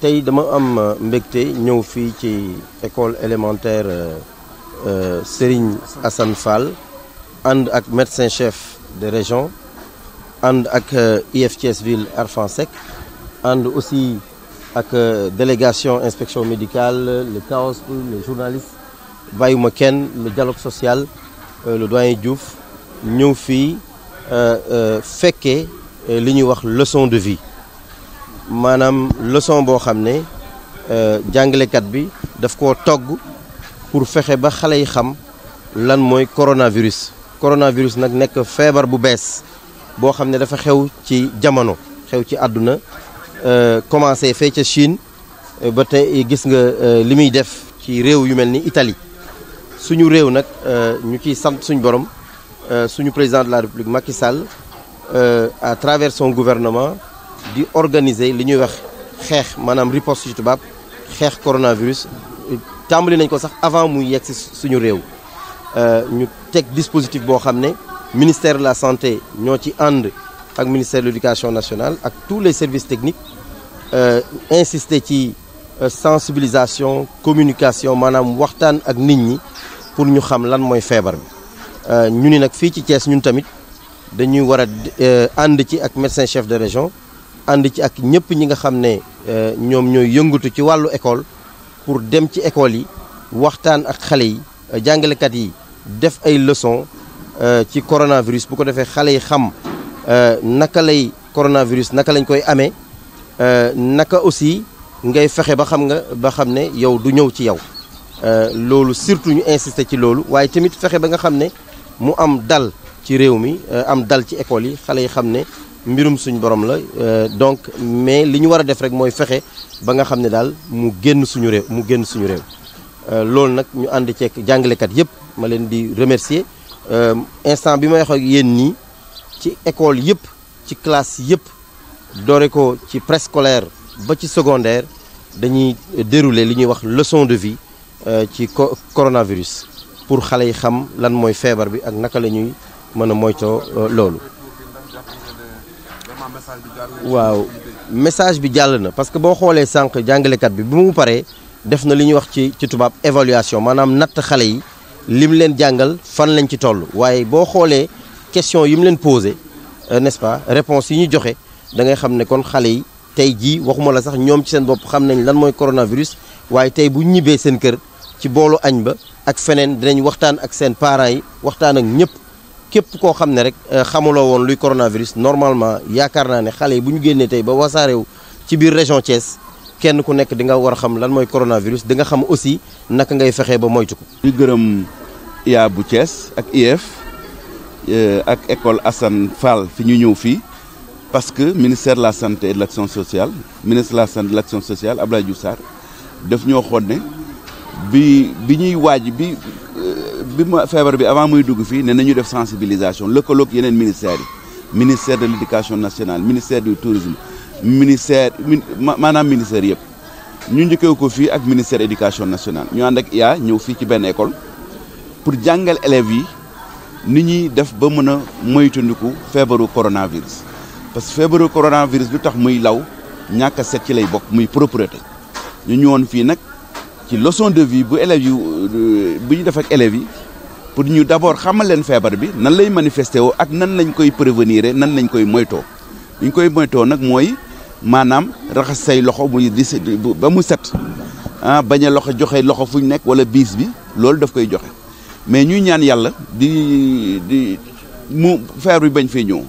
tey dama am euh, mbégte ñëw fii ci école élémentaire euh, euh, Serigne Assane Fall ànd ak médecin chef de région ànd ak IF Thiès Ville Arfan Seck ànd aussi ak délégation inspection médicale le CAOS les journalistes bàyyiwuma kenn le dialogue sociale le doyen Diouf ñëw fii fekkee li ñuy wax leçon de vie maanaam leçon boo xam ne euh, jàngalekat bi daf ko togg pour fexe ba xale yi xam lan mooy coronavirus. coronavirus nag nekk feebar bu bees boo xam ne dafa xew ci jamono xew ci àdduna euh, commencé fee ca Chine euh, ba tey gis nga li muy def ci réew yu mel ni Italie suñu réew nag ñu ciy sant suñu borom suñu président de la République Macky Sall à travers son gouvernement. di organiser li ñuy wax xeex maanaam riposte ci tubaab xeex coronavirus tàmbali nañ ko sax avant muy yegg si suñu réew euh, ñu teg dispositif boo xam ne ministère la santé ñoo ci ànd ak ministère de l'éducation nationale ak tous les services techniques euh, insister ci euh, sensibilisation communication maanaam waxtaan ak nit ñi pour ñu xam lan mooy feebar bi ñu ni nag fii ci cees ñun tamit dañuy war a ànd ci ak médecin chef de région ànd ci ak ñëpp ñi nga xam ne euh, ñoom ñooy yëngatu ci wàllu école pour dem ci école yi waxtaan ak xale yi euh, jàngalekat yi def ay leçons euh, ci coronavirus bu ko defee xale yi xam naka lay coronavirus naka lañ koy amee naka aussi ngay fexe ba xam nga ba xam ne yow du ñëw ci yow loolu surtout ñu insister ci loolu waaye tamit fexe ba nga xam ne mu am dal ci réew mi am dal ci école yi xale yi xam ne mbirum suñu borom la euh, donc mais li ñu war a def rek mooy fexe ba nga xam ne daal mu génn suñu réew mu génn suñu réew euh, loolu nag ñu ànd ceeg jàngalekat yëpp ma leen di remercier euh, instant bi may wax ak yéen nii ci école yëpp ci classe yëpp doore ko ci préscolaire ba ci secondaire dañuy dérouler li ñuy wax leçon de vie ci coronavirus pour xale yi xam lan mooy feebar bi ak naka la ñuy mën a moytoo loolu waaw message bi jàll na parce que boo xoolee sànq jàngalekat bi bi mu paree def na li ñuy wax ci ci tubaab évaluation maanaam natt xale yi li mu leen jàngal fan lañ ci toll waaye boo xoolee question yi mu leen posé euh, n'est-ce pas réponse yi ñu joxe dangay xam ne kon xale yi tey jii waxuma la sax ñoom ci seen bopp xam nañ lan mooy coronavirus waaye tey bu ñibbee seen kër ci boolu añ ba ak feneen dinañ waxtaan ak seen parents yi waxtaan ak ñëpp képp koo xam ne rek euh, xamuloo woon luy coronavirus normalement yaakaar naa ne xale yi bu ñu génnee tey ba wasaareew ci biir région Thiès kenn ku nekk di nga war a xam lan mooy coronavirus di nga xam aussi naka ngay fexee ba moytu ko. gërëm IA bu Thiès ak IEF euh, ak école Assane Fall fi ñu ñëw fii parce que ministère la sante et de sociale ministre la santé et de l' action sociale Abdoulaye Diouf Sarr daf ñoo xool bi bi ñuy waaj bi. Euh, bi ma feebar bi avant muy dugg fii ne nañu def sensibilisation lëkkalook yeneen ministères yi ministère de l' éducation nationale ministère du tourisme ministère maanaam ministère yëpp ñu njëkkee ko fii ak ministère éducation nationale ñu ànd ak IA ñëw fii ci benn école pour jàngal élèves yi ni ñuy def ba mën a moytandiku feebaru coronavirus parce que feebaru coronavirus lu tax muy law ñàkk a ci lay bokk muy propreté ñu ñëwoon fii nag ci leçon de vie bu élèves yu euh, bu ñu defee ak yi pour ñu d'abord xamal leen feebar bi nan lay manifesté woo ak nan lañ koy prévenir nan lañ koy moytoo ñu koy moytoo nag mooy maanaam raxas say loxo muy di ba mu set ah bañ a loxo joxe loxo fu ñu nekk wala biis bi loolu daf koy joxe mais ñuy ñaan yàlla di di mu feebar bi bañ fee ñëw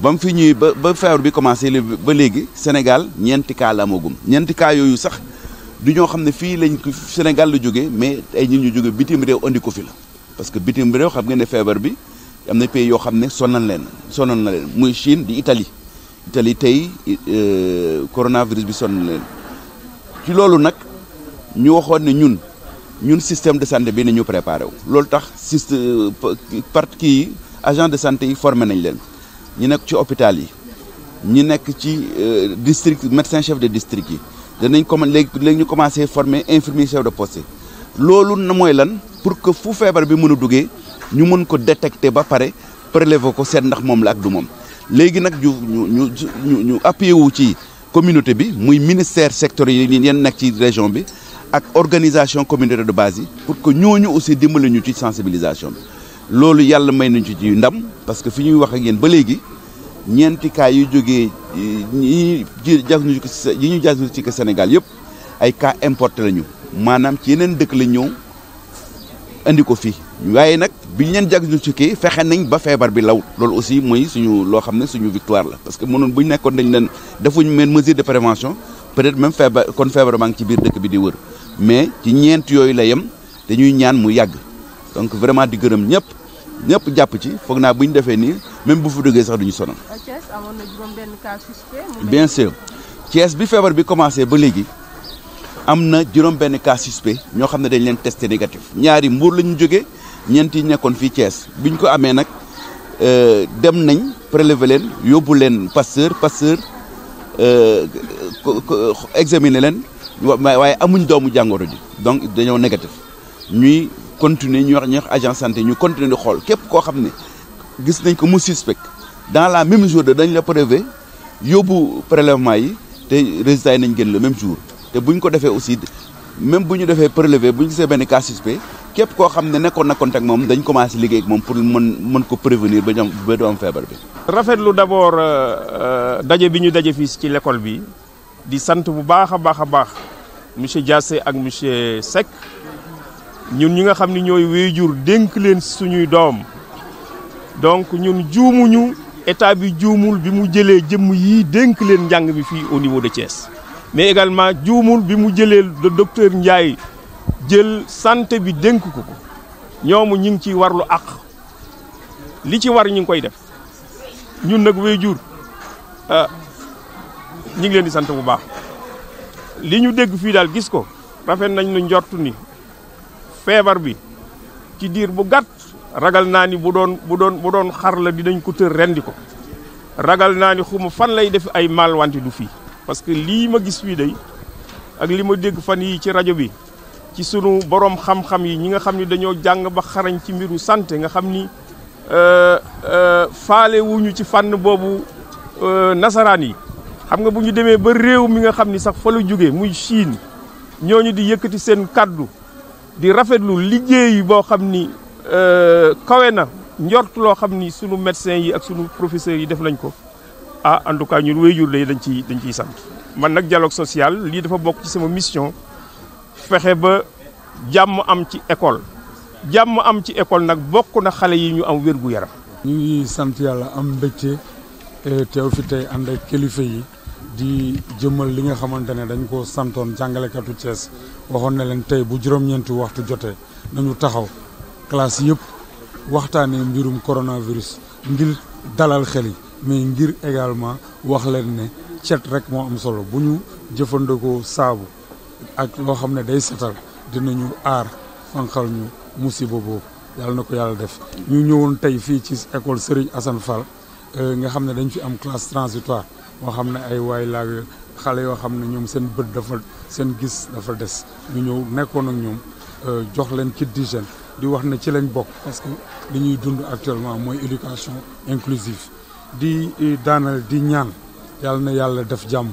ba mu fi ñuy ba ba feebar bi commencé ba léegi Sénégal ñeenti cas la amagum ñeenti cas yooyu sax du ñoo xam ne fii lañ ko Sénégal la jóge mais ay nit ñu jóge bitim réew indi ko fi la parce que bitim réew xam ngeen ne feebar bi am na pays yoo xam ne sonal leen sonal na leen muy Chine di Italie Italie tey euh, coronavirus bi sonal leen ci loolu nag ñu waxoon ne ñun ñun système de santé bi nañu préparé wu loolu tax système euh, part kii yi agent de santé yi forme nañ leen ñu nekk ci hôpital yi ñu nekk ci euh, district médecin chef de district yi danañ commencé léegi léegi ñu commencé former infirmier chef de poste loolu na mooy lan pour que fu feebar bi mën a duggee ñu mën ko détecter ba pare prélever ko seet ndax moom la ak du moom léegi nag ñu ñu ñu ñu appuyé wu ci communauté bi muy ministère secteur yi yeen nekk ci région bi ak organisation communautaire de base yi pour que ñu aussi dimbali ñu ci sensibilisation bi loolu yàlla may nañu ci ci ndam parce que fi ñuy wax ak yéen ba léegi ñeenti cas yu jógee yi ji diagnostic yi ñu ci diagnostiqué Sénégal yëpp ay cas importe lañu maanaam ci yeneen dëkk lañ ñëw indi ko fii waaye nag ñu ci diagnostiqué fexe nañ ba feebar bi law loolu aussi mooy suñu loo xam ne suñu victoire la parce que mënoon bu ñu nekkoon dañ leen defuñ meen mesure de prévention peut-être même feebar kon feebar maa ngi ci biir dëkk bi di wër mais ci ñeent yooyu la yem dañuy ñaan mu yàgg donc vraiment di gërëm ñëpp ñëpp jàpp ci foog naa bu ñu defee nii même bu fu dëggee sax duñu sonal. Thiès na juróom benn cas suspect. bien sûr Thiès bi feebar bi commencé ba léegi am na juróom benn cas suspect ñoo xam ne dañ leen teste négatif. ñaari mbuur la ñu jógee ñeent yi nekkoon fii Thiès bi ñu ko amee nag euh, dem nañ prélever leen yóbbu leen Pasteur Pasteur euh, examiner leen waaye amuñ doomu jàngoro ji donc dañoo négatif ñuy. continuer ñu wax ñu wax agent santé ñu continuer di xool képp koo xam ne gis nañ ko mu suspect dans la même jour de dañu la prélever yóbbu prélèvement yi te résultat yi nañ gën la même jour te bu ñu ko defee aussi même bu ñu defee prélevé bu ñu gisee benn cas képp koo xam ne nekkoon na contact moom dañ commencé liggéey moom pour mën mën ko prévenir ba ñu am ba feebar bi. rafetlu d' abord euh, euh, daje bi ñu daje fii ci l' bi di sant bu baax a baax a baax monsieur Diassé ak monsieur Seck. ñun ñi nga xam ne ñooy wéyjur dénk leen suñuy doom donc ñun juumuñu état bi juumul bi mu jëlee jëmm yii dénk leen njàng bi fii au niveau de cees mais également juumul bi mu jëlee le docteur Ndiaye jël santé bi dénk ko ko ñoomu ñu ngi ciy warlu àq li ci war ñu ngi koy def ñun nag wéyjur ah, ñu ngi leen di sant bu baax li ñu dégg fii daal gis ko rafet nañ nu njortu ni feebar bi ci diir bu gàtt ragal naa ni bu doon bu doon bu doon xar la dinañ ko tër rendi ko ragal naa ni xuma fan lay def ay mal wante du fii parce que lii ma gis fii day ak li ma dégg fan yi ci rajo bi ci sunu borom xam-xam yi ñi nga xam ni dañoo jàng ba xarañ ci mbiru sante nga xam ni euh, euh, faale wuñu ci fànn boobu euh, nasaraan yi xam nga bu ñu demee ba réew mi nga xam ni sax fa la jógee muy Chine ñooñu di yëkkati seen kàddu di rafetlu liggéey boo xam ni euh, kawe na njort loo xam ni sunu médecins yi ak sunu professeurs yi def nañ ko ah en tout cas ñun wéyjur lay dañ ciy dañ ciy sant. man nag jaloog social lii dafa bokk ci sama mission fexe ba jàmm am ci école jàmm am ci école nag bokk na xale yi ñu am wér gu yaram. ñu sant yàlla am mbégte eh, teew fi tey ànd ak kilifa yi. di jëmmal li nga xamante ne dañ ko santoon jàngalekatu Thiès waxoon na leen tey bu juróom-ñeenti waxtu jotee nañu taxaw classe yëpp waxtaanee mbirum coronavirus ngir dalal xel yi mais ngir également wax leen ne cet rek moo am solo bu ñu jëfandikoo saabu ak loo xam ne day setal dinañu aar fanqal ñu musiba boobu yàlla na ko yàlla def ñu ñëwoon tey fii ci école Serigne Assane Fall euh, nga xam ne dañ fi am classe transitoire moo xam ne ay waay laag xale yoo xam ne ñoom seen bët dafa seen gis dafa des ñu ñëw nekkoon ak ñoom euh, jox leen kit d'hygiène di wax na ci lañ bokk parce que li ñuy dund actuellement mooy éducation inclusive di daanal di ñaan yàlla na yàlla def jàmm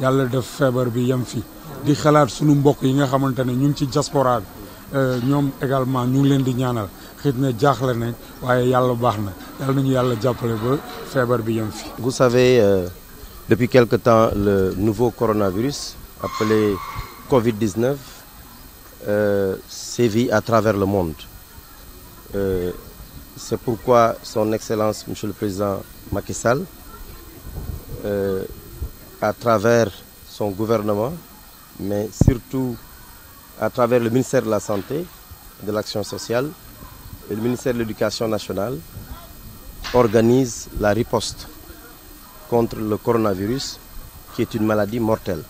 yàlla def feebar bi yem fi di xalaat sunu mbokk yi nga xamante ne ñu ngi ci diaspora bi euh, ñoom également ñu ngi leen di ñaanal xëy na jaaxle nañ waaye yàlla baax na yàlla nañu yàlla jàppale ba feebar bi yem fi Depuis quelque temps, le nouveau coronavirus, appelé Covid-19, euh, sévit à travers le monde. Euh, c'est pourquoi Son Excellence, Monsieur Président Macky Sall, euh, à travers son gouvernement, mais surtout à travers le ministère la Santé, de sociale et le ministère nationale, organise la riposte contre le coronavirus, qui est une maladie mortelle.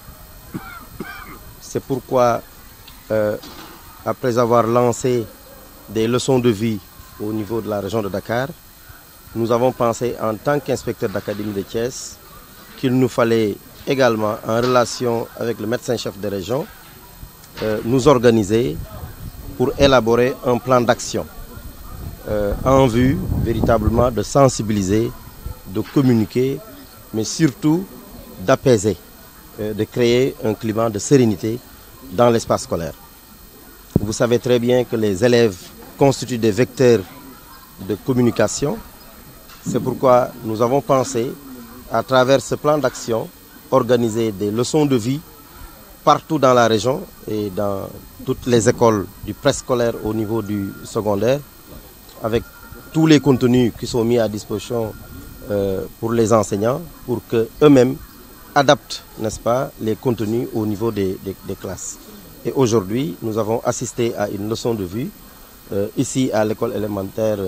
C'est pourquoi, euh, après avoir lancé des leçons de vie au niveau de la région de Dakar, nous avons pensé en tant qu'inspecteur d'académie de Thiès qu'il nous fallait également, en relation avec le médecin-chef de région, euh, nous organiser pour élaborer un plan d'action euh, en vue véritablement de sensibiliser, de communiquer mais surtout d'apaiser, euh, de créer un climat de sérénité dans l'espace scolaire. Vous savez très bien que les élèves constituent des vecteurs de communication. C'est pourquoi nous avons pensé, à travers ce plan d'action, organiser des leçons de vie partout dans la région et dans toutes les écoles du préscolaire au niveau du secondaire, avec tous les contenus qui sont mis à disposition euh, pour les enseignants pour que eux-mêmes adaptent, n'est-ce pas, les contenus au niveau des, des, des classes. Et aujourd'hui, nous avons assisté à une leçon de vue euh, ici à l'école élémentaire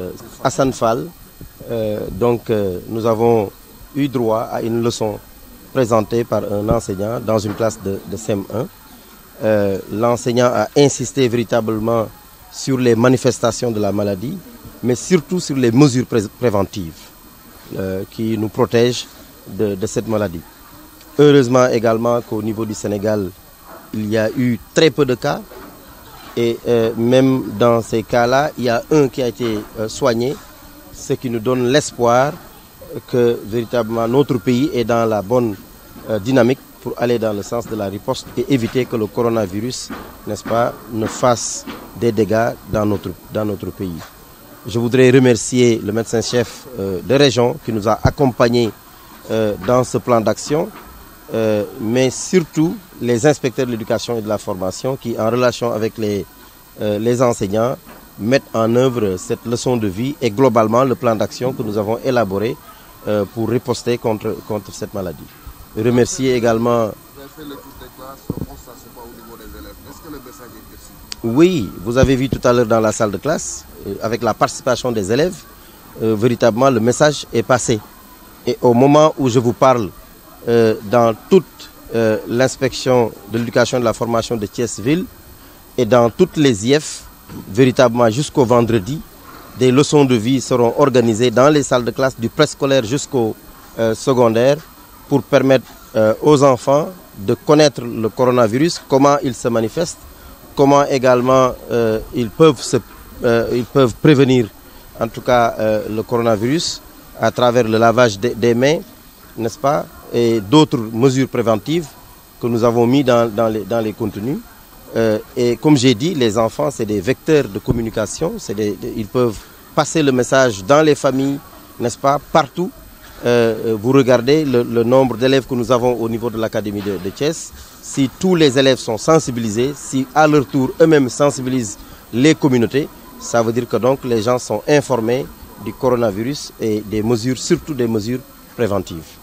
Hassan euh, Fall. Euh, donc, euh, nous avons eu droit à une leçon présentée par un enseignant dans une classe de, de CM1. Euh, l'enseignant a insisté véritablement sur les manifestations de la maladie, mais surtout sur les mesures pré préventives. euh, qui nous protège de, de cette maladie. Heureusement également qu'au niveau du Sénégal, il y a eu très peu de cas et euh, même dans ces cas-là, il y a un qui a été euh, soigné, ce qui nous donne l'espoir que véritablement notre pays est dans la bonne euh, dynamique pour aller dans le sens de la riposte et éviter que le coronavirus, n'est-ce pas, ne fasse des dégâts dans notre, dans notre pays. Je voudrais remercier le médecin-chef euh, de région qui nous a accompagnés euh, dans ce plan d'action, euh, mais surtout les inspecteurs de l'éducation et de la formation qui, en relation avec les, les enseignants, mettent en œuvre cette leçon de vie et globalement le plan d'action que nous avons élaboré pour riposter contre, contre cette maladie. Remercier également... Oui, vous avez vu dans la salle euh, avec la participation des élèves, euh, véritablement le message est passé. Et au moment où je vous parle, euh, dans toute l'inspection de l'éducation et de la formation de Thiès-Ville et dans toutes les IF, véritablement jusqu'au vendredi, des leçons de vie seront organisées dans les salles de classe du préscolaire jusqu'au secondaire pour permettre aux enfants de connaître le coronavirus, comment il se manifeste comment également euh, ils peuvent se euh, prévenir en tout cas euh, le coronavirus à travers le lavage des, des mains, n'est-ce pas, et d'autres mesures préventives que nous avons mis dans, dans les dans les contenus. Euh, et comme j'ai dit, les enfants, c'est des vecteurs de communication, c'est des, ils peuvent passer le message dans les familles, n'est-ce pas, partout. Euh, vous regardez le, le nombre d'élèves que nous avons au niveau de l'académie de, de Thiès. si tous les élèves sont sensibilisés, si à leur tour eux-mêmes sensibilisent les communautés, ça veut dire que donc les gens sont informés du coronavirus et des mesures, surtout des mesures préventives.